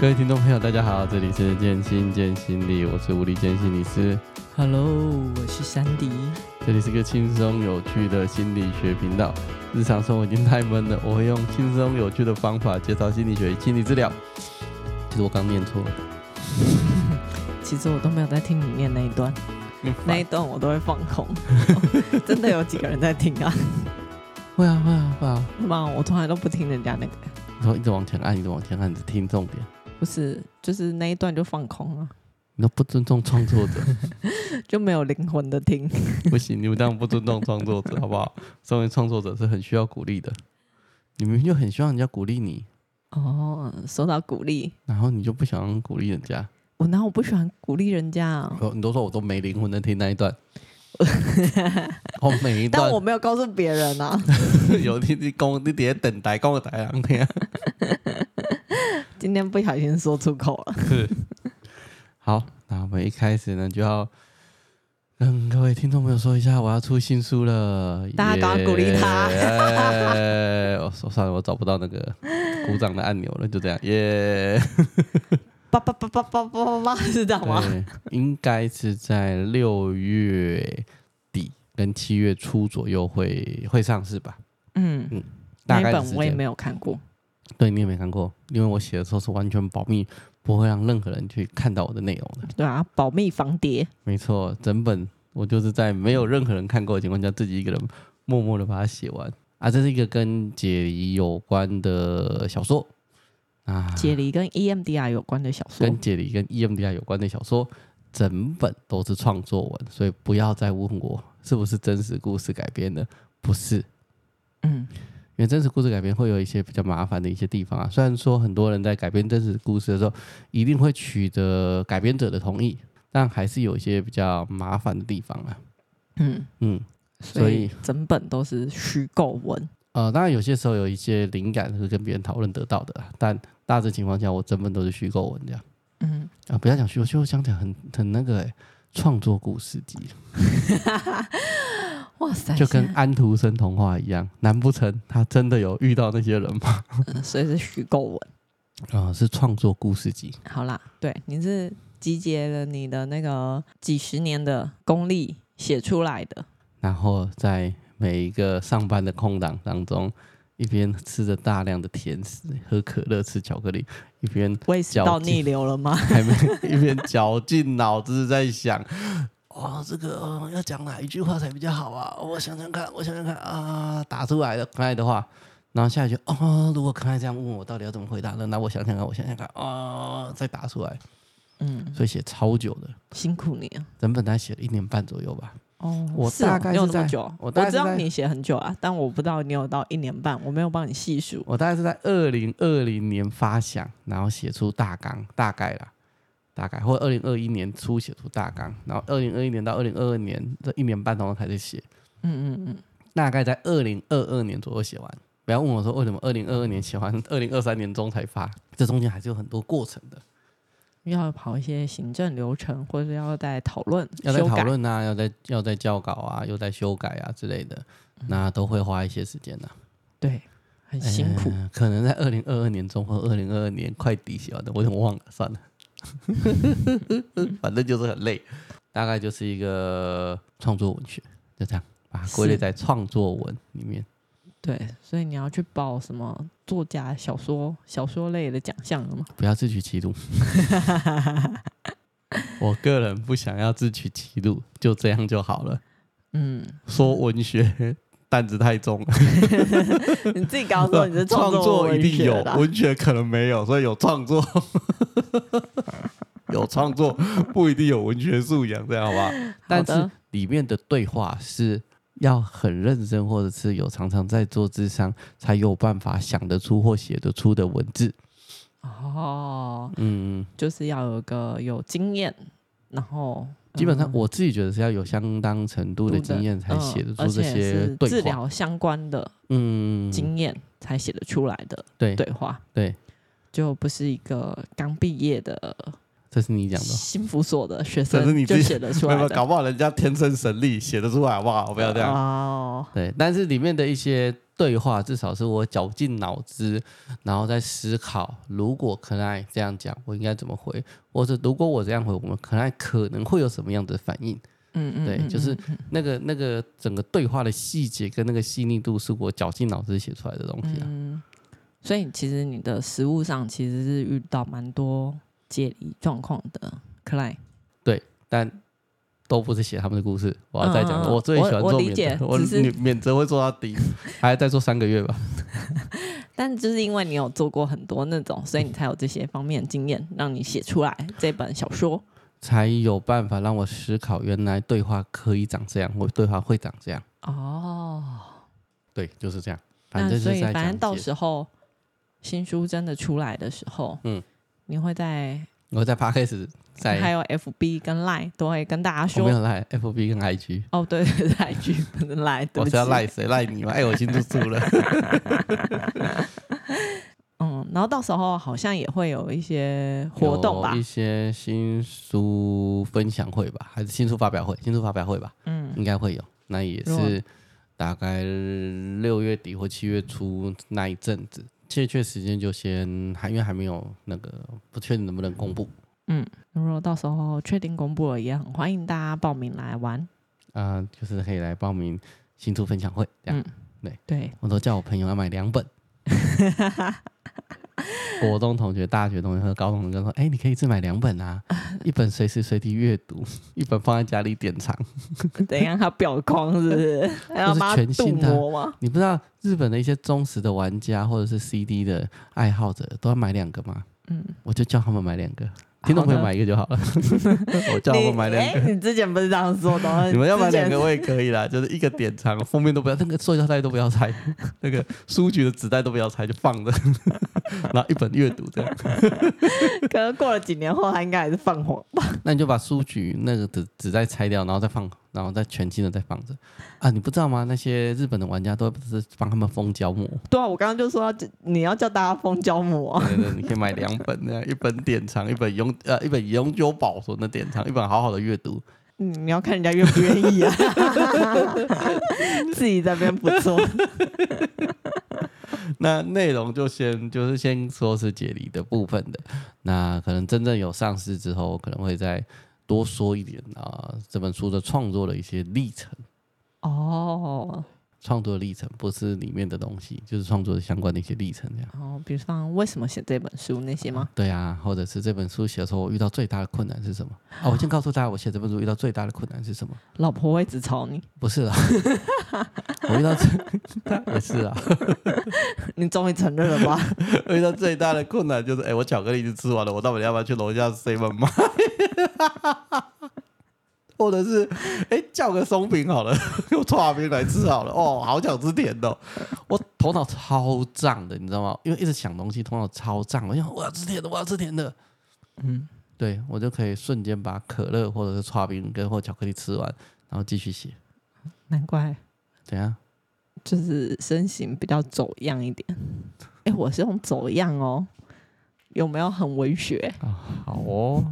各位聽眾朋友，大家好，這裡是健心見心理，我是物理健心理師。Hello，我是珊迪。這裡是一個輕鬆有趣的心理學頻道。日常生活已經太悶了，我會用輕鬆有趣的方法介紹心理學與心理治療。其實我剛念錯。 其實我都沒有在聽你念那一段，怕那一段我都會放空。 真的有幾個人在聽啊？ 會啊，會啊，會啊。什麼？ 我從來都不聽人家那個。你說一直往前按，你一直往前按，你只聽重點。不是，就是那一段就放空了。你都不尊重創作者， 就沒有靈魂的聽。 不行，你們這樣不尊重創作者，好不好？身為創作者是很需要鼓勵的，你們就很希望人家鼓勵你。哦，收到鼓勵，然後你就不想鼓勵人家。我那我不喜歡鼓勵人家，哦、你都說我都沒靈魂的聽那一段，我， 哦、每一段我沒有告訴別人啊。 有你你講你等下等待，講個大今天不小心說出口了。是，好，那我們一開始呢，就要跟、嗯、各位聽眾朋友說一下，我要出新書了。大家都要鼓勵他。耶 Yeah！ 我算算，我找不到那個鼓掌的按鈕了，就這樣。耶、yeah, 叭叭叭叭叭叭是這樣嗎？應該是在六月底跟七月初左右會會上市吧。嗯嗯，那本我也沒有看過。對你也沒看過，因為我寫的時候是完全保密，不會讓任何人去看到我的內容的。對啊，保密防諜。沒錯，整本我就是在沒有任何人看過的情況下，自己一個人默默的把它寫完。啊，這是一個跟解離有關的小說啊，解離跟 EMDR 有關的小說，跟解離跟 EMDR 有關的小說，整本都是創作文，所以不要再問我是不是真實故事改編的，不是。嗯。因為真實故事改編會有一些比較麻煩的一些地方啊，雖然說很多人在改編真實故事的時候一定會取得改編者的同意，但還是有一些比較麻煩的地方啊。嗯嗯，嗯，所以，所以整本都是虛構文。呃，當然有些時候有一些靈感是跟別人討論得到的，但大致情況下我整本都是虛構文這樣。嗯啊，呃，不要講虛構，就我想講很很那個欸，創作故事集。 哇塞，就跟安徒生童話一樣，難不成他真的有遇到那些人嗎？嗯，所以是虛構文啊，嗯，是創作故事集。好啦，對，你是集結了你的那個幾十年的功力寫出來的，然後在每一個上班的空檔當中，一邊吃着大量的甜食，喝可樂，吃巧克力，一邊胃食道逆流了嗎？ 還沒，一邊絞盡腦汁在想。哇、哦，這個、哦、要講哪一句話才比較好啊？哦、我想想看，我想想看啊，打出來的可愛的話，然後下一句就哦，如果可愛這樣問我，到底要怎麼回答呢？那我想想看，我想想看啊，再打出來，嗯，所以寫超久的，辛苦你啊！整本大概寫了一年半左右吧？哦，我大概用這麼久，我，我知道你寫很久啊，但我不知道你有到一年半，我沒有幫你細數。我大概是在二零二零年發想，然後寫出大綱，大概啦。大概或二零二一年初寫出大綱，然後二零二一年到二零二二年這一年半當中開始寫，嗯嗯嗯，大概在二零二二年左右寫完。不要問我說為什麼二零二二年寫完，二零二三年中才發，這中間還是有很多過程的。要跑一些行政流程，或者是要在討論、要在討論吶、啊，要在、要在校稿啊，又在修改啊之類的，嗯、那都會花一些時間的、啊。對，很辛苦。呃、可能在二零二二年中或二零二二年快底寫完的，我怎麼忘了？算了。 反正就是很累，大概就是一個創作文學，就這樣，把它歸類在創作文裡面。對，所以你要去報什麼作家小說小說類的獎項了嗎？不要自取其辱。我個人不想要自取其辱，就這樣就好了。嗯，說文學。 擔子太重， 你自己告訴我，你的創， 創作一定有文學，可能沒有，所以有創作， 有創作不一定有文學素養，這樣好吧？但的是裡面的對話是要很認真，或者是有常常在做諮商才有辦法想得出或寫得出的文字。哦，嗯，就是要有個有經驗，然後。基本上，我自己覺得是要有相當程度的經驗才寫得出這些對話，治療相關的嗯經驗才寫得出來的對話，對，就不是一個剛畢業的。這是你講的，心輔所的學生是你自己就寫得出來的，搞不好人家天生神力寫得出來，好不好？我不要這樣哦。對，但是裡面的一些對話，至少是我絞盡腦汁，然後在思考，如果可愛這樣講，我應該怎麼回，或者如果我這樣回，我們可愛可能會有什麼樣的反應？嗯嗯，嗯對，就是那個那個整個對話的細節跟那個細膩度，是我絞盡腦汁寫出來的東西啊，嗯，所以其實你的實務上其實是遇到蠻多。解離狀況的 client，對，但都不是寫他們的故事。我要再講，嗯、我最喜歡做免責，只是免責會做到底是，還要再做三個月吧。 但就是因為你有做過很多那種，所以你才有這些方面的經驗， 讓你寫出來這本小說，才有辦法讓我思考，原來對話可以長這樣，或對話會長這樣。哦，對，就是這樣。反正是所以，反正到時候新書真的出來的時候，嗯。你會在？我在 Parks，在還有 FB 跟 Line 都會跟大家說。沒有 Line，FB 跟 IG。哦，對對對，跟 IG，Line 對。我是 Line，誰 Line 你嗎、 哎？我心都酥了。 嗯，然後到時候好像也會有一些活動吧，有一些新書分享會吧，還是新書發表會？新書發表會吧。嗯，應該會有。那也是大概六月底或七月初那一陣子。欠缺時間就先還，因為還沒有那個不確定能不能公布。嗯，如果到時候確定公布了，也很歡迎大家報名來玩。啊、呃，就是可以來報名新書分享會這樣。嗯，對對，對我都叫我朋友要買兩本。哈哈哈。 國中同學、大學同學和高中同學說：“欸、你可以一次買兩本啊，一本隨時隨地閱讀，一本放在家裡典藏。 ”怎樣他表框是不是？就 是全新的 嗎？你不知道日本的一些忠實的玩家或者是 CD 的愛好者都要買兩個嗎？嗯，我就叫他們買兩個。聽眾朋友買一個就好了， 好的 我叫他們買兩個你、欸。你之前不是這樣說的？你， 你們要買兩個我也可以啦，就是一個典藏，封面都不要，那個塑膠袋都不要拆， 那個書局的紙袋都不要拆，就放着， 然後一本閱讀這樣。 可能過了幾年後，他應該還是泛黃吧。 那你就把書局那個紙紙袋拆掉，然後再放。然後再全新的再放着啊，你不知道嗎？那些日本的玩家都是幫他們封膠膜。對啊，我剛剛就說你要叫大家封膠膜。 對，對對，你可以買兩本，那樣一本典藏，一本永呃、啊、一本永久保存的典藏，一本好好的閱讀。嗯，你要看人家願不願意啊。 自己這邊不做。 那內容就先就是先說是解離的部分的，那可能真正有上市之後，可能會在。多說一點啊，這本書的創作的一些歷程。哦。Oh. 創作歷程，不是裡面的東西，就是創作的相關的一些歷程然後、哦，比如說為什麼寫這本書那些嗎、啊？對啊，或者是這本書寫的時候我遇到最大的困難是什麼？啊、哦，我先告訴大家，我寫這本書遇到最大的困難是什麼？老婆會一直吵你？不是啊， 我遇到不 是啊， 你終於承認了吧？ 我遇到最大的困難就是，哎、欸，我巧克力已經吃完了，我到底要不要去樓下 seven 買？ 或者是，哎、欸，叫個鬆餅好了，用搓冰來吃好了。哦，好想吃甜的、哦，我頭腦超脹的，你知道嗎？因為一直想東西，頭腦超脹。我想，我要吃甜的，我要吃甜的。嗯，對，我就可以瞬間把可樂或者是搓冰跟或巧克力吃完，然後繼續寫。難怪，怎樣？就是身形比較走樣一點。哎、欸，我是用走樣哦，有沒有很文學？啊、好哦。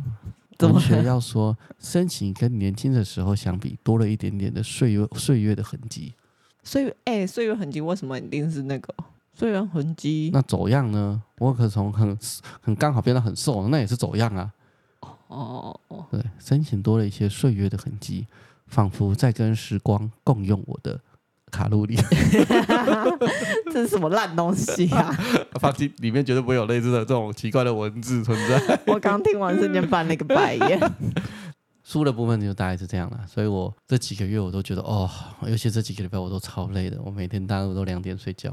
同學要說，深情跟年輕的時候相比，多了一點點的歲月歲月的痕跡。歲月，哎、欸，歲月痕跡為什麼一定是那個？歲月痕跡。那走樣呢？我可從很很剛好變得很瘦，那也是走樣啊。哦哦哦，對，深情多了一些歲月的痕跡，仿佛在跟時光共用我的。卡路里， 這是什麼爛東西呀、啊？ 放心，裡面絕對不會有類似的這種奇怪的文字存在。 我剛聽完瞬間翻了個白眼。書 的部分就大概是這樣了，所以我這幾個月我都覺得哦，尤其這幾個禮拜我都超累的，我每天大概都兩點睡覺。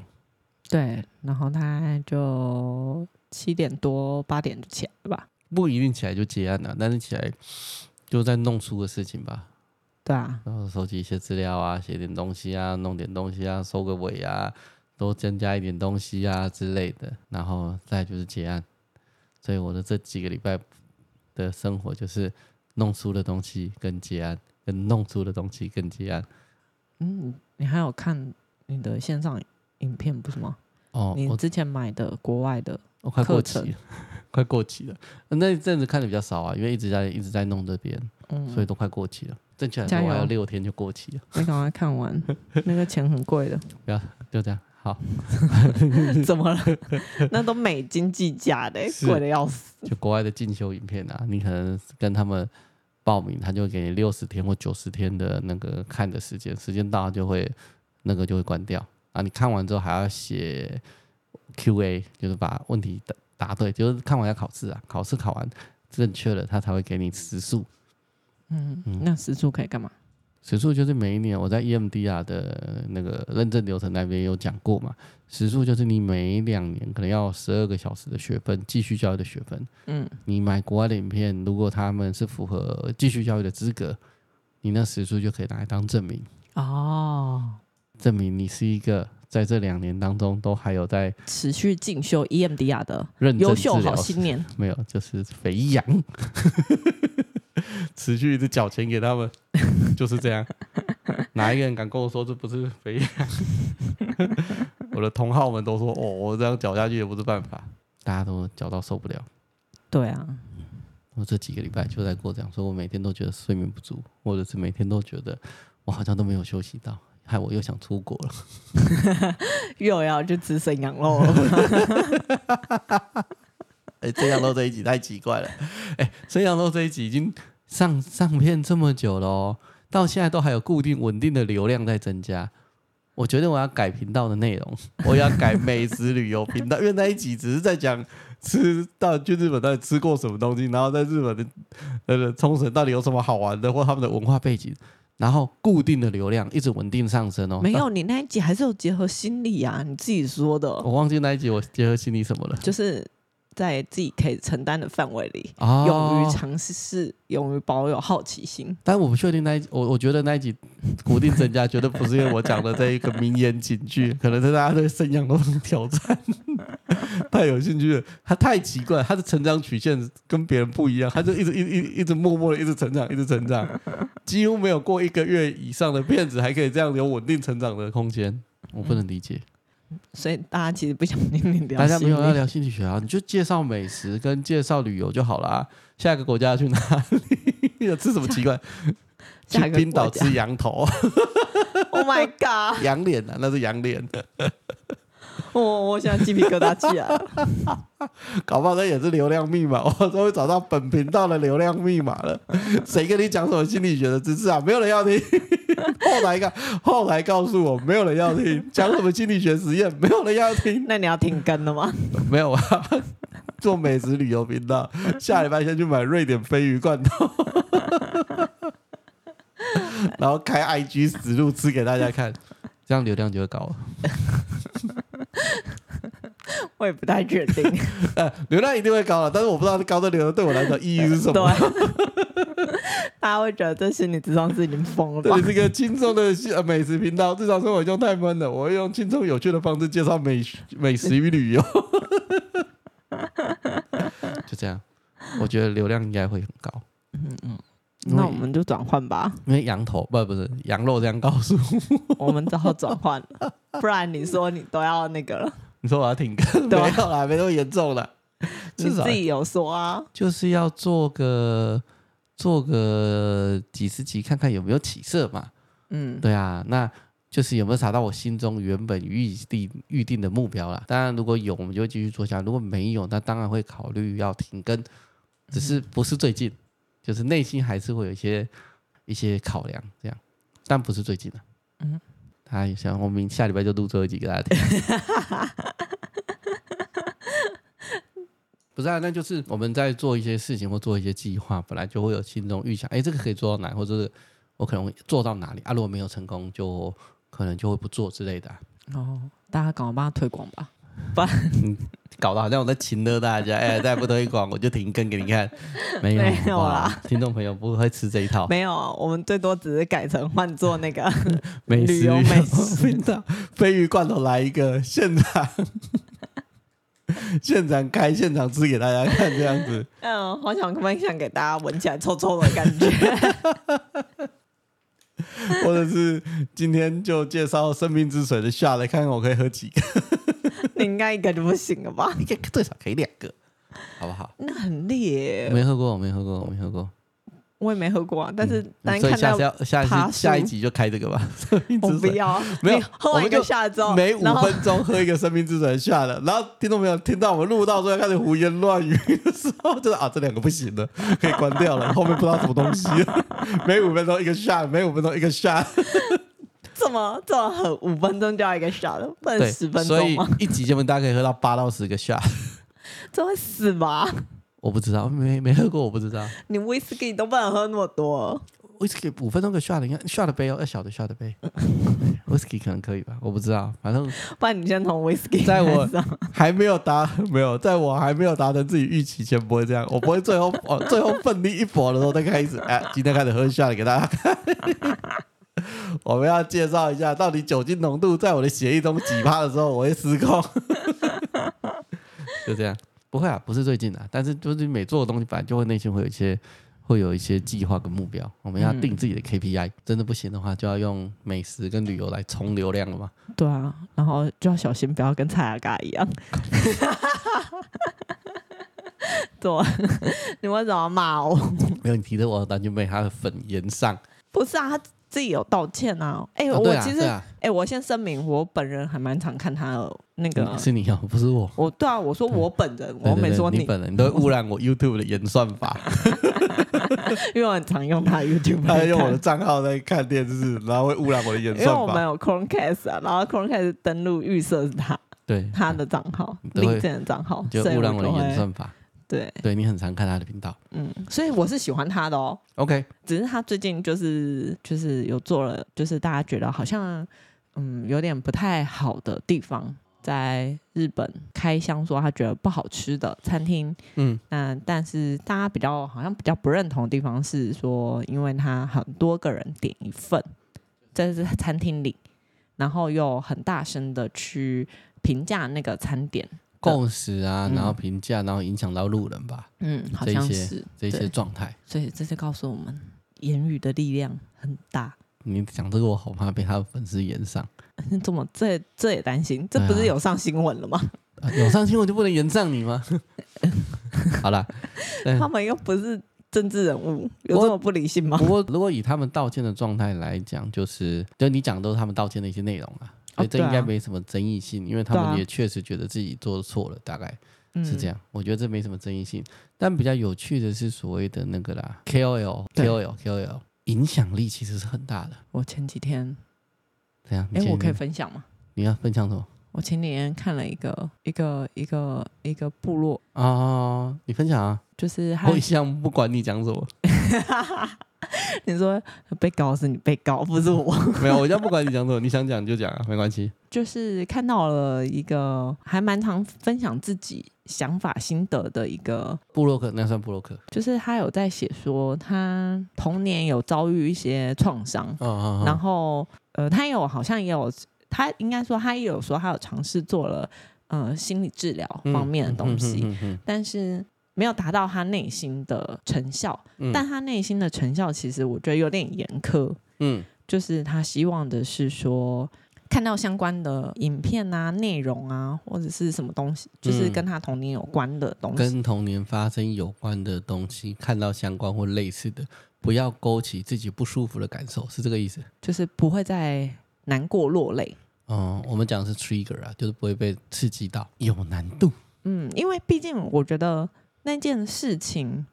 對，然後他就七點多八點就起來吧，不一定起來就結案了，但是起來就在弄書的事情吧。對啊，然後收集一些資料啊，寫點東西啊，弄點東西啊，收個尾啊，多增加一點東西啊之類的，然後再就是結案。所以我的這幾個禮拜的生活就是弄書的東西跟結案，跟弄出的東西跟結案。嗯，你還有看你的線上影片不是嗎？哦，你之前買的國外的我，我快過期了， 快過期了。那一陣子看得比較少啊，因為一直在一直在弄這邊。所以都快過期了，正確的話要六天就過期了。你趕快看完， 那個錢很貴的。不要就這樣，好， 怎麼了？那都美金計價的、欸，貴是的要死。就國外的進修影片啊，你可能跟他們報名，他就會給你六十天或九十天的那個看的時間，時間到了就會那個就會關掉啊。然後你看完之後還要寫 Q&A，就是把問題答答對，就是看完要考試啊，考試考完正確了，他才會給你時數。嗯，那時數可以幹嘛？時數就是每一年，我在 EMDR 的那個認證流程那邊有講過嘛。時數就是你每兩年可能要十二個小時的學分，繼續教育的學分。嗯，你買國外的影片，如果他們是符合繼續教育的資格，你那時數就可以拿來當證明哦，證明你是一個在這兩年當中都還有在持續進修 EMDR 的優認證 秀好青年。沒有，就是肥羊。 持續一直繳錢給他們，就是這樣。 哪一個人敢跟我說這不是肥羊？ 我的同好們都說，哦，我這樣繳下去也不是辦法，大家都繳到受不了。對啊，我這幾個禮拜就在過這樣，所以我每天都覺得睡眠不足，或者是每天都覺得我好像都沒有休息到，害我又想出國了， 又要去吃生羊肉嘍。哎，這樣錄這一集太奇怪了。哎、欸，這樣錄這一集已經上上片這麼久了，哦，到現在都還有固定穩定的流量在增加。我覺得我要改頻道的內容，我要改美食旅遊頻道， 因為那一集只是在講吃到去日本到底吃過什麼東西，然後在日本的呃沖繩到底有什麼好玩的，或他們的文化背景，然後固定的流量一直穩定上升哦。沒有，但你那一集還是有結合心理啊，你自己說的。我忘記那一集我結合心理什麼了，就是。在自己可以承擔的範圍裡，哦、勇於嘗試，勇於保有好奇心。但我不確定那一我我覺得那一集固定增加，絕對 不是因為我講的這一個名言警句，可能是大家對生養這挑戰 太有興趣了。他太奇怪，他的成長曲線跟別人不一樣，他就一直一一一直默默的一直成長，一直成長， 幾乎沒有過一個月以上的片子還可以這樣有穩定成長的空間，我不能理解。嗯所以大家其實不想聽你聊心理，大家沒有要聊心理學啊，你就介紹美食跟介紹旅遊就好了。下一個國家去哪裡？ 你有吃什麼奇怪？去冰島吃羊頭 ？Oh my god！羊臉啊，那是羊臉。 oh, 我現在雞皮疙瘩起啊， 搞不好這也是流量密碼。我終於找到本頻道的流量密碼了。 誰跟你講什麼心理學的知識啊？沒有人要聽。後來，後來告訴我，沒有人要聽講什麼心理學實驗，沒有人要聽。那你要聽跟的嗎？沒有啊，做美食旅遊頻道，下禮拜先去買瑞典鯡魚罐頭， 然後開 IG 實錄吃給大家看，這樣流量就會高 我也不太確定。 呃，流量一定會高了，但是我不知道高的流量對我來說意義是什麼？對，大家 會覺得這心理諮商師已經瘋了。這是一個輕鬆的、呃、美食頻道，至少生活就太悶了。我會用輕鬆有趣的方式介紹美美食與旅遊。 就這樣，我覺得流量應該會很高。嗯嗯，嗯為那我們就轉換吧。因為羊頭不不是羊肉這樣高速，我們只好轉換，不然你說你都要那個了。你說我要停更？ 沒有啦、啊， 沒那麼嚴重了、啊。是 自己有說啊，就是要做個做個幾十集，看看有沒有起色嘛。嗯，對啊，那就是有沒有達到我心中原本預定預定的目標啦。當然，如果有，我們就會繼續做下去；如果沒有，那當然會考慮要停更。只是不是最近，嗯、就是內心還是會有一些一些考量，這樣，但不是最近的、啊。嗯。哎，行，我明下禮拜就錄這一集給大家聽 不是、啊，那就是我們在做一些事情或做一些計劃，本來就會有心中預想，誒、欸，這個可以做到哪裡，或者我可能做到哪裡啊？如果沒有成功，就可能就會不做之類的、啊。哦，大家趕快幫他推廣吧。不、啊嗯，搞得好像我在情勒大家，哎、 欸，再不推廣我就停更給你看。沒有啦有、啊，聽眾朋友不會吃這一套。沒有，我們最多只是改成換做那個旅遊 美食的 鯡魚罐頭來一個現場， 現場開現場吃給大家看這樣子。嗯，好想分享給大家聞起來臭臭的感覺， 或者是今天就介紹生命之水的下來看看我可以喝幾個。你應該一個就不行了吧？最少可、可以兩個，好不好？那很烈，沒喝過，沒喝過，沒喝過。我也沒喝過、啊，但是……所以下次要下次樹下、一集下一集就開這個吧。我不要，沒有喝完後就下了周。每五分鐘後喝一個生命之水，下了。然後聽眾朋友，聽到我們錄到說要開始胡言亂語的時候，就是啊，這兩個不行了，可以關掉了。 後面不知道什麼東西，每五分鐘一個下，每五分鐘一個下。 怎麼這麼狠？五分鐘掉一個 shot，不能十分鐘嗎？所以一集節目大家可以喝到八到十個 shot， 這會死嗎？我不知道，沒沒喝過，我不知道。你 whisky 都不能喝那麼多，whisky 五分鐘的 shot，你看 shot 的杯要，喔、小的 shot 的杯，whisky 可能可以吧，我不知道，反正不然你先從 whisky，在我還沒有達，沒有，在我還沒有達成自己預期前不會這樣，我不會最後我、 哦、最後奮力一搏的時候再開始，哎、欸，今天開始喝 shot 給大家看。 我們要介紹一下，到底酒精濃度在我的血液中幾趴的時候，我會失控。 就這樣，不會啊，不是最近的、啊，但是就是每做的東西，反正就會內心會有一些，會有一些計劃跟目標。我們要定自己的 KPI，、嗯、真的不行的話，就要用美食跟旅遊來充流量了嘛。對啊，然後就要小心，不要跟蔡阿嘎一樣。走 做， 你為什麼罵我？沒有你提到我，但就被他的粉炎上。不是啊。自己有道歉啊！哎、欸，啊啊、我其實，哎、啊欸，我先聲明，我本人還蠻常看他的那個。是你哦，不是我。我對啊，我說我本人，對我沒說你,對對對你本人，你都會污染我 YouTube 的演算法。 因為我很常用他 YouTube，他用我的賬號在看電視，然後會污染我的演算法。因為我們有 Chromecast 啊，然後 Chromecast 登錄預設是他對他的賬號，另一件的賬號就污染我的演算法。對，對你很常看他的頻道，嗯，所以我是喜歡他的哦。OK，只是他最近就是就是有做了，就是大家覺得好像嗯有點不太好的地方，在日本開箱說他覺得不好吃的餐廳，嗯，那但是大家比較好像比較不認同的地方是說，因為他很多個人點一份，在這餐廳裡，然後又很大聲的去評價那個餐點。共識啊，嗯、然後評價，然後影響到路人吧。嗯，好像是這些，對這些狀態。所以，這些告訴我們，言語的力量很大。你講這個，我好怕被他的粉絲炎上。啊、你怎麼？這也這也擔心？這不是有上新聞了嗎？啊、有上新聞，就不能炎上你嗎？ 好啦，他們又不是政治人物，有這麼不理性嗎？不過，如果以他們道歉的狀態來講，就是，就你講的都是他們道歉的一些內容啊。所以這應該沒什麼爭議性，哦啊、因為他們也確實覺得自己做錯了，啊、大概是這樣。嗯、我覺得這沒什麼爭議性。但比較有趣的是所謂的那個啦，KOL，KOL，KOL，對影響力其實是很大的。我前幾天，怎樣？哎、欸，我可以分享嗎？你要分享什麼？我前幾天看了一個一個一個一個部落啊，你分享啊，就是我一向不管你講什麼。 你說被告是你被告，不是我。 沒有，我就不管你講什麼， 你想講就講啊，沒關係。就是看到了一個還蠻常分享自己想法心得的一個部落客，那算部落客。就是他有在寫說他童年有遭遇一些創傷，哦哦哦、然後呃，他有好像也有他應該說他也有說他有嘗試做了呃心理治療方面的東西，嗯嗯嗯嗯嗯、但是。沒有達到他內心的成效，嗯、但他內心的成效其實我覺得有點嚴苛，嗯，就是他希望的是說看到相關的影片啊、內容啊，或者是什麼東西，就是跟他童年有關的東西，跟童年發生有關的東西，看到相關或類似的，不要勾起自己不舒服的感受，是這個意思？就是不會再難過落淚。嗯，我們講的是 trigger 啊，就是不會被刺激到，有難度。嗯，因為畢竟我覺得。那件事情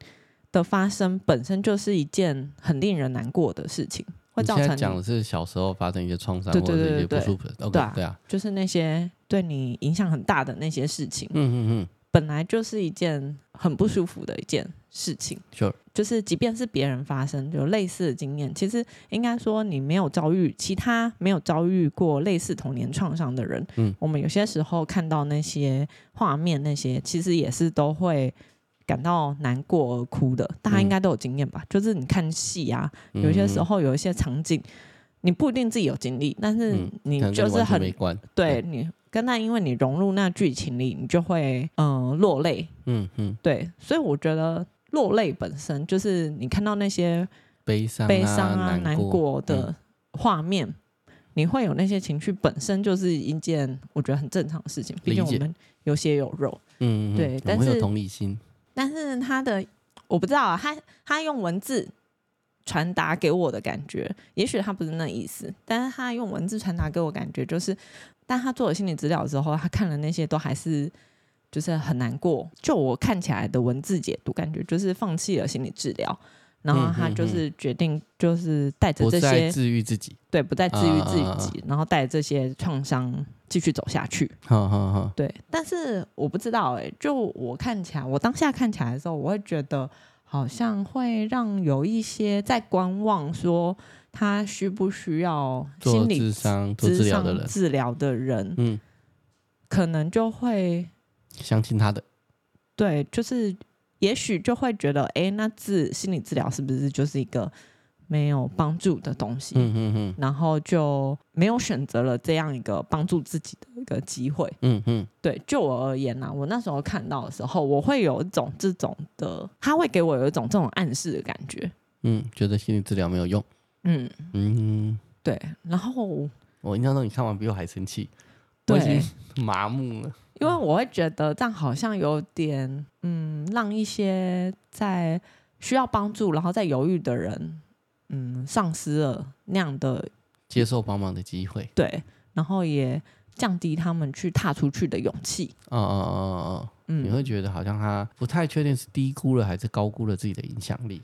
的發生本身就是一件很令人難過的事情，會造成。講的是小時候發生一些創傷或者是一些不舒服的，對啊，Okay, 對啊，就是那些對你影響很大的那些事情，嗯嗯嗯，本來就是一件很不舒服的一件事情。是、嗯，Sure. 就是即便是別人發生就類似的經驗，其實應該說你沒有遭遇，其他沒有遭遇過類似童年創傷的人，嗯，我們有些時候看到那些畫面，那些其實也是都會。感到難過而哭的，大家應該都有經驗吧？就是你看戲啊，有些時候有一些場景，你不一定自己有經歷，但是你就是很對你跟他，因為你融入那劇情裡，你就會嗯落淚。嗯嗯，對，所以我覺得落淚本身就是你看到那些悲傷、悲傷啊、難過的畫面，你會有那些情緒，本身就是一件我覺得很正常的事情。畢竟我們有血有肉。嗯，對，但是但是他的我不知道，啊，他他用文字傳達給我的感覺，也許他不是那意思，但是他用文字傳達給我感覺就是，當他做了心理治療之後，他看了那些都還是就是很難過。就我看起來的文字解讀，感覺就是放棄了心理治療，然後他就是決定就是帶着這些治癒自己，對，不再治癒自己，啊啊啊然後帶着這些創傷。繼續走下去，好好好。對，但是我不知道哎、欸，就我看起來，我當下看起來的時候，我會覺得好像會讓有一些在觀望，說他需不需要心理做諮商，諮商做治療的人，治療的人，嗯，可能就會相信他的，對，就是也許就會覺得，哎、欸，那治心理治療是不是就是一個？沒有幫助的東西，嗯嗯嗯，然後就沒有選擇了這樣一個幫助自己的一個機會，嗯嗯哼，對，就我而言呢、啊，我那時候看到的時候，我會有一種這種的，他會給我有一種這種暗示的感覺，嗯，覺得心理治療沒有用，嗯嗯，嗯哼哼，對，然後我印象中你看完比我還生氣，對，我已經麻木了，因為我會覺得這樣好像有點，嗯，讓一些在需要幫助然後在猶豫的人。嗯，喪失了那樣的接受幫忙的機會，對，然後也降低他們去踏出去的勇氣。呃呃呃、嗯，嗯，嗯，嗯，嗯，你會覺得好像他不太確定是低估了還是高估了自己的影響力，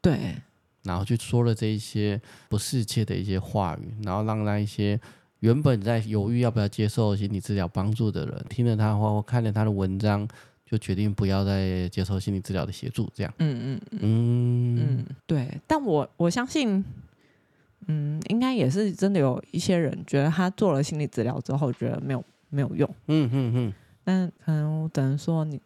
對，然後就說了這一些不適切的一些話語，然後讓那一些原本在猶豫要不要接受心理治療幫助的人，聽了他的話或看了他的文章。就決定不要再接受心理治療的協助，這樣嗯。嗯嗯嗯嗯，嗯嗯對。但我我相信，嗯，應該也是真的有一些人覺得他做了心理治療之後，覺得沒有沒有用。嗯嗯嗯。那、嗯嗯、可能我只能說你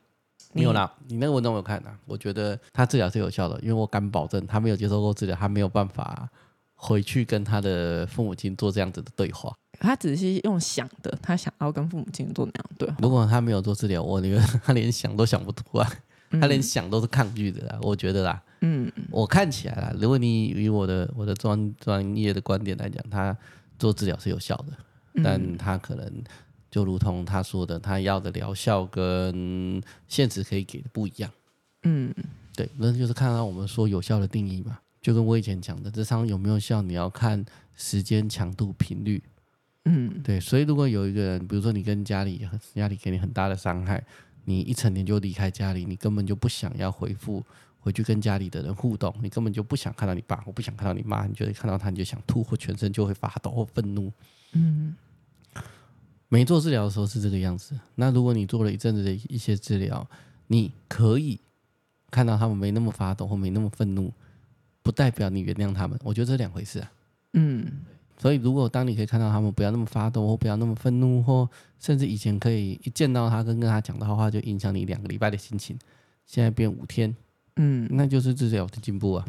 你有啦，你那個文章我有看啦、啊。我覺得他治療是有效的，因為我敢保證他沒有接受過治療，他沒有辦法回去跟他的父母親做這樣子的對話。他只是用想的，他想要跟父母親做那樣對。如果他沒有做治療，我覺得他連想都想不出來、啊，嗯、他連想都是抗拒的啦。我覺得啦，嗯，我看起來啦，如果你以我的我的專專業的觀點來講，他做治療是有效的，但他可能就如同他說的，他要的療效跟現實可以給的不一樣。嗯，對，那就是看到我們說有效的定義嘛，就跟我以前講的，諮商有沒有效，你要看時間、強度、頻率。嗯，對，所以如果有一個人，比如說你跟家裡家裡給你很大的傷害，你一成年就離開家裡，你根本就不想要回復，回去跟家裡的人互動，你根本就不想看到你爸，或不想看到你媽，你覺得看到他你就想吐或全身就會發抖或憤怒。嗯，沒做治療的時候是這個樣子。那如果你做了一陣子的一些治療，你可以看到他們沒那麼發抖或沒那麼憤怒，不代表你原諒他們，我覺得這兩回事啊。嗯。所以，如果當你可以看到他們，不要那麼發抖或不要那麼憤怒，或甚至以前可以一見到他跟跟他講的話，就影響你兩個禮拜的心情，現在變五天，嗯，那就是治療的進步啊，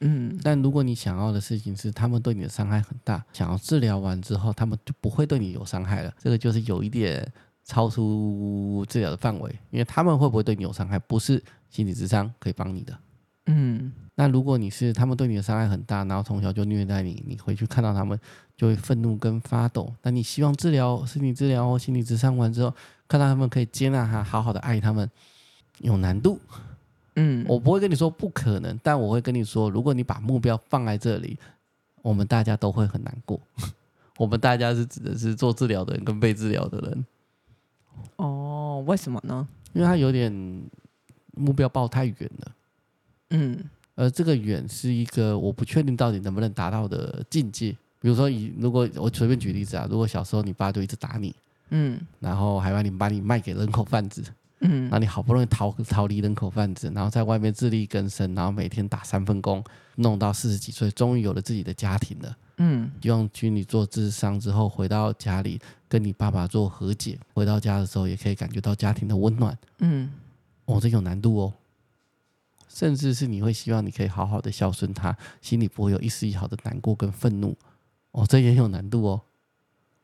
嗯。但如果你想要的事情是他們對你的傷害很大，想要治療完之後他們就不會對你有傷害了，這個就是有一點超出治療的範圍，因為他們會不會對你有傷害，不是心理諮商可以幫你的。嗯，那如果你是他們對你的傷害很大，然後從小就虐待你，你回去看到他們就會憤怒跟發抖。那你希望治療，心理治療或心理諮商完之後，看到他們可以接納他，好好的愛他們，有難度。嗯，我不會跟你說不可能，但我會跟你說，如果你把目標放在這裡，我們大家都會很難過。 我們大家是指的是做治療的人跟被治療的人。哦，為什麼呢？因為他有點目標抱太遠了。嗯，呃，這個遠是一個我不確定到底能不能達到的境界。比如說以，以如果我隨便舉例子啊，如果小時候你爸就一直打你，嗯，然後還把你把你賣給人口販子，嗯，那你好不容易逃逃離人口販子，然後在外面自力更生，然後每天打三份工，弄到四十幾歲，終於有了自己的家庭了，嗯，用軍去你做諮商之後回到家裡跟你爸爸做和解，回到家的時候也可以感覺到家庭的溫暖，嗯，哦，這有難度哦。甚至是你會希望你可以好好的孝順他，心裡不會有一絲一毫的難過跟憤怒哦，這也很有難度哦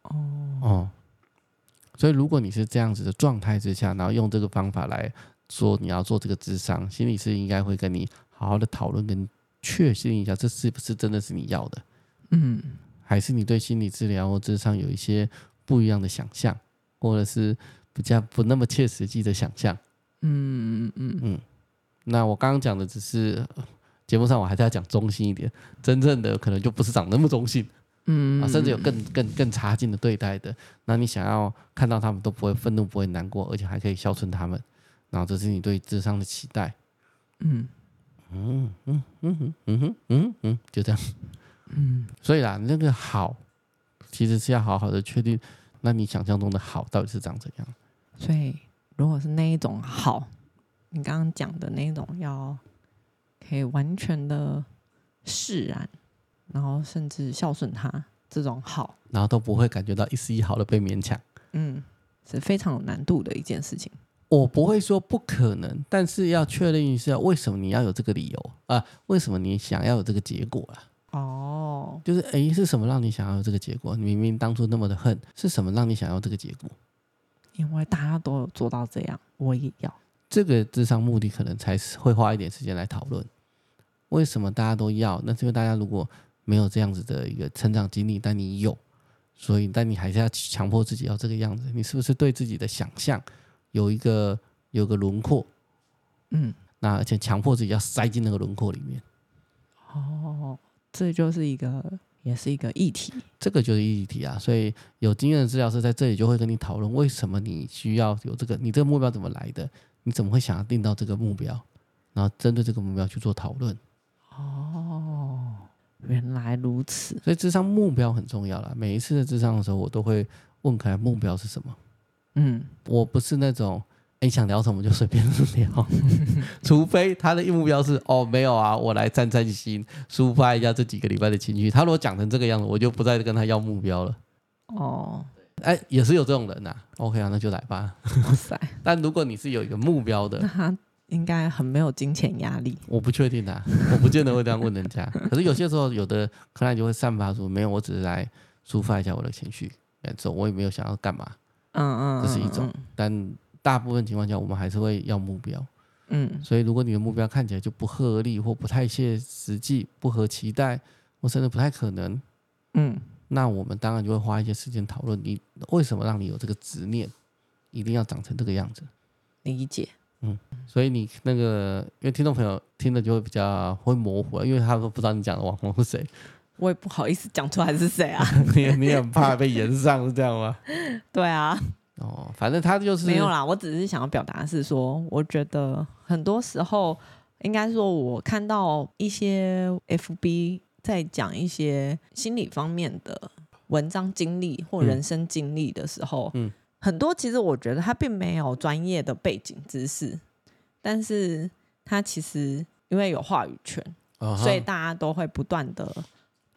哦哦，所以如果你是這樣子的狀態之下，然後用這個方法來說，你要做這個諮商，心理師應該會跟你好好的討論，跟你確信一下，這是不是真的是你要的？嗯，還是你對心理治療或諮商有一些不一樣的想象，或者是比較不那麼切實際的想象？嗯嗯嗯嗯。嗯嗯嗯那我剛剛講的只是節目上，我還是要講中性一點。真正的可能就不是長那麼中性，嗯，嗯，嗯，嗯、啊，甚至有更更更差勁的對待的。那你想要看到他們都不會憤怒、不會難過，而且還可以孝順他們，然後這是你對諮商的期待。嗯嗯嗯嗯嗯嗯嗯嗯，嗯，就這樣。嗯， 所以啦，那個好其實是要好好的確定，那你想象中的好到底是長怎樣？所以，如果是那一種好。你剛剛講的那種，要可以完全的釋然，然後甚至孝順他這種好，然後都不會感覺到一絲一毫的被勉強，嗯，是非常有難度的一件事情。我不會說不可能，但是要確認一下為什麼你要有這個理由啊，呃？為什麼你想要有這個結果啊？哦，就是誒，是什麼讓你想要有這個結果？你明明當初那麼的恨，是什麼讓你想要這個結果？因為大家都有做到這樣，我也要。這個諮商目的可能才會花一點時間來討論，為什麼大家都要？那是因為大家如果沒有這樣子的一個成長經歷，但你有，所以但你還是要強迫自己要這個樣子。你是不是對自己的想象有一個有個輪廓？嗯，那而且強迫自己要塞進那個輪廓裡面。哦，這就是一個也是一個議題。這個就是議題啊，所以有經驗的治療師在這裡就會跟你討論，為什麼你需要有這個？你這個目標怎麼來的？你怎麼會想要定到這個目標，然後針對這個目標去做討論？哦，原來如此。所以諮商目標很重要了。每一次的諮商的時候，我都會問看看目標是什麼。嗯，我不是那種哎、欸、想聊什麼就隨便聊， 除非他的目標是哦，沒有啊，我來散散心，抒發一下這幾個禮拜的情緒。他如果講成這個樣子，我就不再跟他要目標了。哦。哎、欸，也是有這種人吶、啊。OK 啊，那就來吧。哇塞！但如果你是有一個目標的，那他應該很沒有金錢壓力。 我不確定啊，我不見得會這樣問人家。 可是有些時候，有的客人就會散發出，沒有，我只是來抒發一下我的情緒，哎，走，我也沒有想要幹嘛。嗯嗯，嗯嗯，這是一種。但大部分情況下，我們還是會要目標。嗯。所以，如果你的目標看起來就不合理，或不太切實際，不合期待，我真的不太可能。嗯。那我們當然就會花一些時間討論，你為什麼讓你有這個執念，一定要長成這個樣子？理解，嗯，所以你那個，因為聽眾朋友聽的就會比較會模糊，因為他都不知道你講的網紅是誰，我也不好意思講出來是誰啊。 你你很怕被炎上 是這樣嗎？對啊，哦，反正他就是沒有啦。我只是想要表達是說，我覺得很多時候，應該說，我看到一些 FB。在講一些心理方面的文章、經歷或人生經歷的時候，嗯嗯、很多其實我覺得他並沒有專業的背景知識，但是他其實因為有話語權，uh huh. 所以大家都會不斷的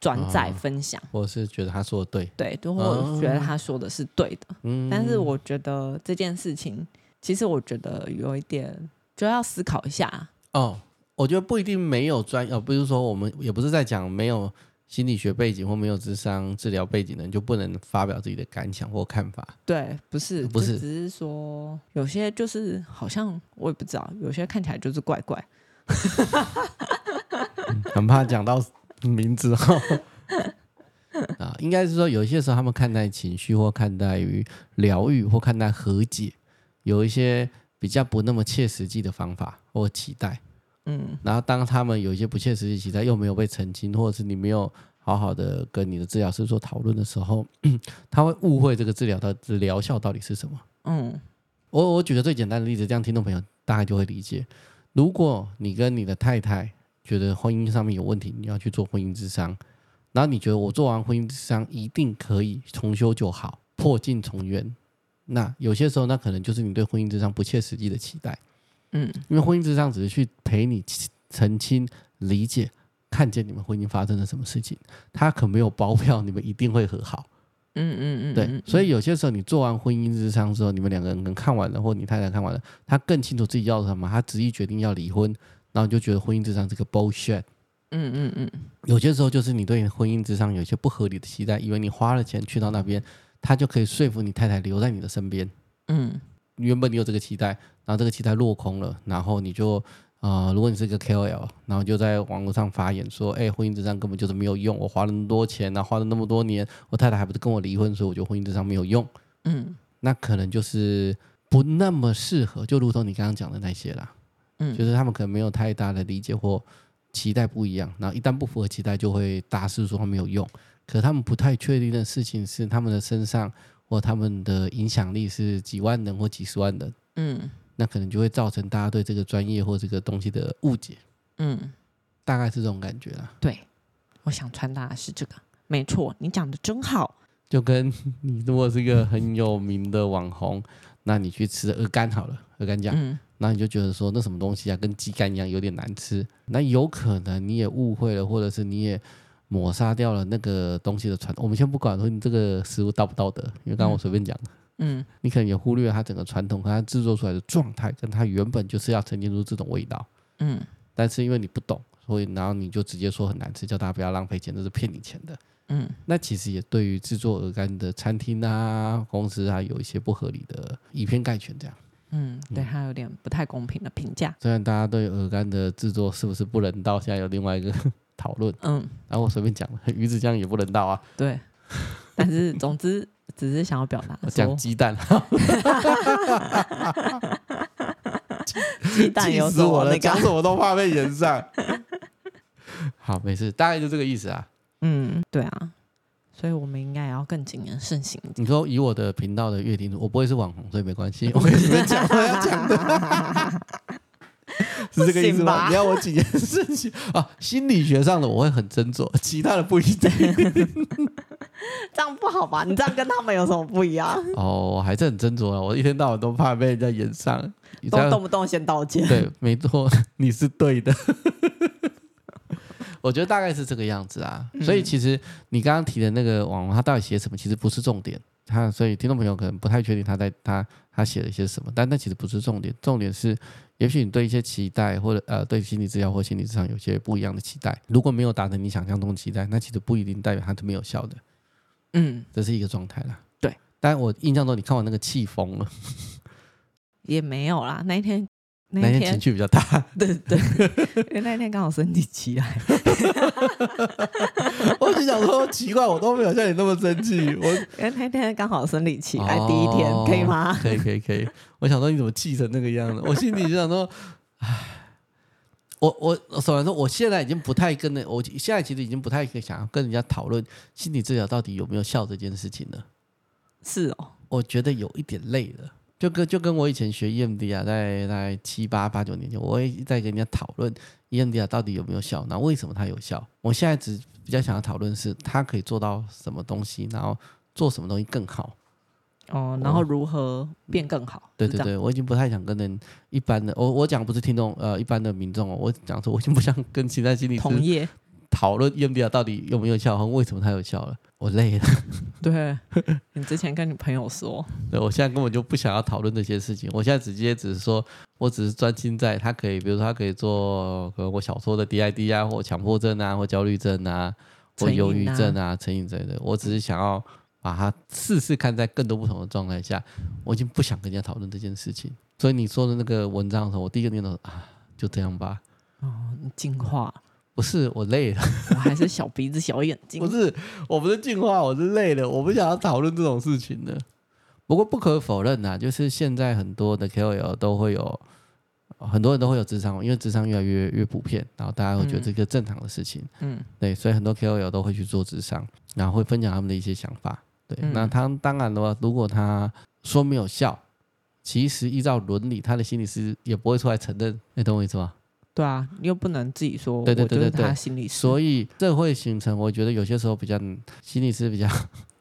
轉載分享，或、uh huh. 是覺得他說的對，對，都會、uh huh. 覺得他說的是對的。Uh huh. 但是我覺得這件事情，其實我覺得有一點就要思考一下。哦。Oh. 我覺得不一定沒有專呃，不是說我們也不是在講沒有心理學背景或沒有智商治療背景的人就不能發表自己的感想或看法。諮商治療對，不是、呃、不是，只是說有些就是好像我也不知道，有些看起來就是怪怪。 嗯、很怕講到名字哈、哦、啊、 呃，應該是說有些時候他們看待情緒或看待於療癒或看待和解，有一些比較不那麼切實際的方法或期待。嗯，然後當他們有一些不切實際期待，又沒有被澄清，或者是你沒有好好的跟你的治療師做討論的時候，他會誤會這個治療的療效到底是什麼。嗯，我，我我舉個最簡單的例子，這樣聽眾朋友大概就會理解。如果你跟你的太太覺得婚姻上面有問題，你要去做婚姻諮商，然後你覺得我做完婚姻諮商一定可以重修舊好，破鏡重圓，那有些時候那可能就是你對婚姻諮商不切實際的期待。嗯，因為婚姻諮商只是去陪你澄清、理解、看見你們婚姻發生了什麼事情，他可沒有包票你們一定會和好。嗯嗯嗯，嗯嗯對。嗯、所以有些時候你做完婚姻諮商之後，你們兩個人看完了，或你太太看完了，他更清楚自己要什麼，他執意決定要離婚，然後你就覺得婚姻諮商是個 bullshit。嗯嗯嗯，嗯嗯有些時候就是你對你婚姻諮商有些不合理的期待，以為你花了錢去到那邊，他就可以說服你太太留在你的身邊。嗯。原本你有這個期待，然後這個期待落空了，然後你就啊、呃，如果你是一個 KOL，然後就在網絡上發言說：“哎、欸，婚姻諮商根本就是沒有用，我花了那麼多錢、啊，然後花了那麼多年，我太太還不是跟我離婚，所以我覺得婚姻諮商沒有用。”嗯，那可能就是不那麼適合，就如同你剛剛講的那些啦，嗯，就是他們可能沒有太大的理解或期待不一樣，然後一旦不符合期待，就會大肆說它沒有用。可是他們不太確定的事情是，他們的身上，或他們的影響力是幾萬人或幾十萬人。嗯，那可能就會造成大家對這個專業或這個東西的誤解，嗯，大概是這種感覺啦。對，我想傳達的是這個，沒錯，你講的真好。就跟你如果是一個很有名的網紅， 那你去吃鵝肝好了，鵝肝醬，嗯，那你就覺得說那什麼東西啊，跟雞肝一樣有點難吃，那有可能你也誤會了，或者是你也。抹殺掉了那個東西的傳統，我們先不管說你這個食物道不道德，因為剛剛我隨便講，嗯，你可能也忽略了它整個傳統和它製作出來的狀態，跟它原本就是要呈現出這種味道，嗯，但是因為你不懂，所以然後你就直接說很難吃，叫大家不要浪費錢，這是騙你錢的，嗯，那其實也對於製作鵝肝的餐廳啊、公司啊有一些不合理的以偏概全這樣，嗯，對它有點不太公平的評價。雖然大家對鵝肝的製作是不是不人道，現在有另外一個討論，嗯，然後我隨便講了，魚子醬也不能到啊，對，但是總之 只是想要表達，我講雞蛋， 雞蛋氣死我了， 講什麼都怕被炎上， 好，沒事，大概就這個意思啊，嗯，對啊，所以我們應該要更謹言慎行。你說以我的頻道的閱聽眾，我不會是網紅，所以沒關係，我跟你們講的。 是這個意思嗎吧，你要我幾件事情啊？心理學上的我會很斟酌，其他的不一定。 這樣不好吧？你這樣跟他們有什麼不一樣？哦，我還是很斟酌啊，我一天到晚都怕被人家演上，動你樣動不動先道歉。對，沒錯，你是對的。 我覺得大概是這個樣子啊。所以其實你剛剛提的那個網文，它到底寫什麼？其實不是重點。他所以聽眾朋友可能不太確定他在他他寫了一些什麼，但那其實不是重點，重點是。也許你對一些期待，或者呃，對心理治療或心理治療有些不一樣的期待。如果沒有達成你想象中的期待，那其實不一定代表它是沒有效的。嗯，這是一個狀態啦。對，但我印象中你看完那個氣瘋了， 也沒有啦。那一天。那天，那天情緒比較大對，對對， 因為那天剛好生理期啊。我就想說，奇怪，我都沒有像你那麼生氣。我因為那天剛好生理期，哎、哦，第一天可以嗎？可以可以可以。我想說，你怎麼氣成那個樣子？我心裡就想說， 唉，我我首先說，我現在已經不太跟那，我現在其實已經不太想要跟人家討論心理治療到底有沒有效這件事情了。是哦，我覺得有一點累了。就跟就跟我以前學 EMDR，在在七八八九年前，我也在跟人家討論 EMDR 到底有沒有效，那為什麼它有效？我現在只比較想要討論是它可以做到什麼東西，然後做什麼東西更好哦，然後如何變更好？我嗯、對對對，我已經不太想跟人一般的我我講不是聽眾呃一般的民眾哦，我講說，我已經不想跟其他心理同業。討論 EMDR 到底有沒有效，為什麼它有效了？我累了。 對，你之前跟你朋友說， 對，我現在根本就不想要討論這些事情。我現在直接只是說，我只是專心在他可以，比如說它可以做我小時的 DID 啊，或強迫症啊，或焦慮症啊，或憂鬱症啊，成癮症、啊、之類的。我只是想要把它試試看，在更多不同的狀態下，我已經不想跟人家討論這件事情。所以你說的那個文章的時候，我第一個念頭啊，就這樣吧。哦，進化。不是我累了，我還是小鼻子、小眼睛。 不是我不是進化，我是累了。我不想要討論這種事情的。不過不可否認啊，就是現在很多的 KOL 都會有很多人都會有諮商，因為諮商越來越越普遍然後大家會覺得這個正常的事情。嗯，對，所以很多 KOL 都會去做諮商，然後會分享他們的一些想法。對，嗯、那他當然的話，如果他說沒有效，其實依照倫理，他的心理師也不會出來承認。你懂我意思嗎？對啊，你又不能自己說，對對對對對，我覺得他心裡，所以這會形成，我覺得有些時候比較心理師比較，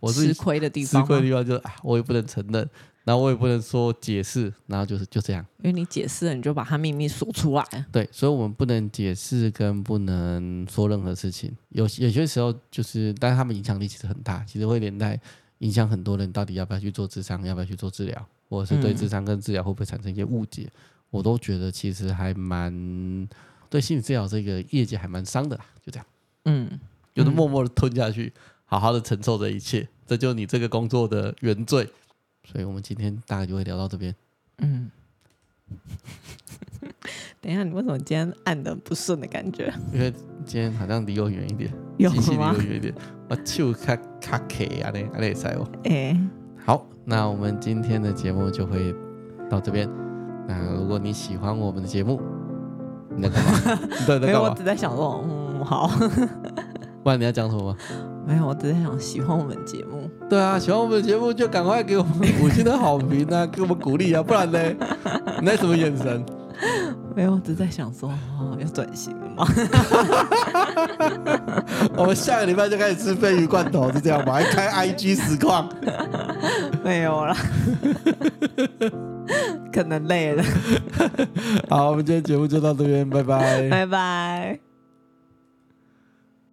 我自吃虧的地方，吃虧的地方就是、啊、我也不能承認，然後我也不能說解釋，然後就是就這樣，因為你解釋了，你就把他秘密說出來。對，所以我們不能解釋跟不能說任何事情，有有些時候就是，但他們影響力其實很大，其實會連帶影響很多人到底要不要去做諮商，要不要去做治療，或者是對諮商跟治療會不會產生一些誤解。嗯我都覺得其實還蠻對心理治療這個業界還蠻傷的啦，就這樣。嗯，有的默默的吞下去，好好的承受著一切，這就是你這個工作的原罪。所以我們今天大概就會聊到這邊。嗯， 等一下，你為什麼今天按得不順的感覺？因為今天好像離我遠一點，有嗎機器離我遠一點，我就一卡卡呀嘞嘞塞哦。哎，欸、好，那我們今天的節目就會到這邊。嗯、啊，如果你喜歡我們的節目，對對，你在幹嘛？ 沒有，我只在想說，嗯，好。 不然你要講什麼嗎？沒有，我只在想喜歡我們節目。對啊，喜歡我們節目就趕快給我們五星的好評啊， 給我們鼓勵啊，不然呢？你那什麼眼神？ 沒有，我只在想說，要轉型了嗎？ 我們下個禮拜就開始吃鯡魚罐頭，是這樣嗎？還開 IG 實況？ 沒有啦。 可能累了， 好，我們今天節目就到這邊， 拜拜，拜拜。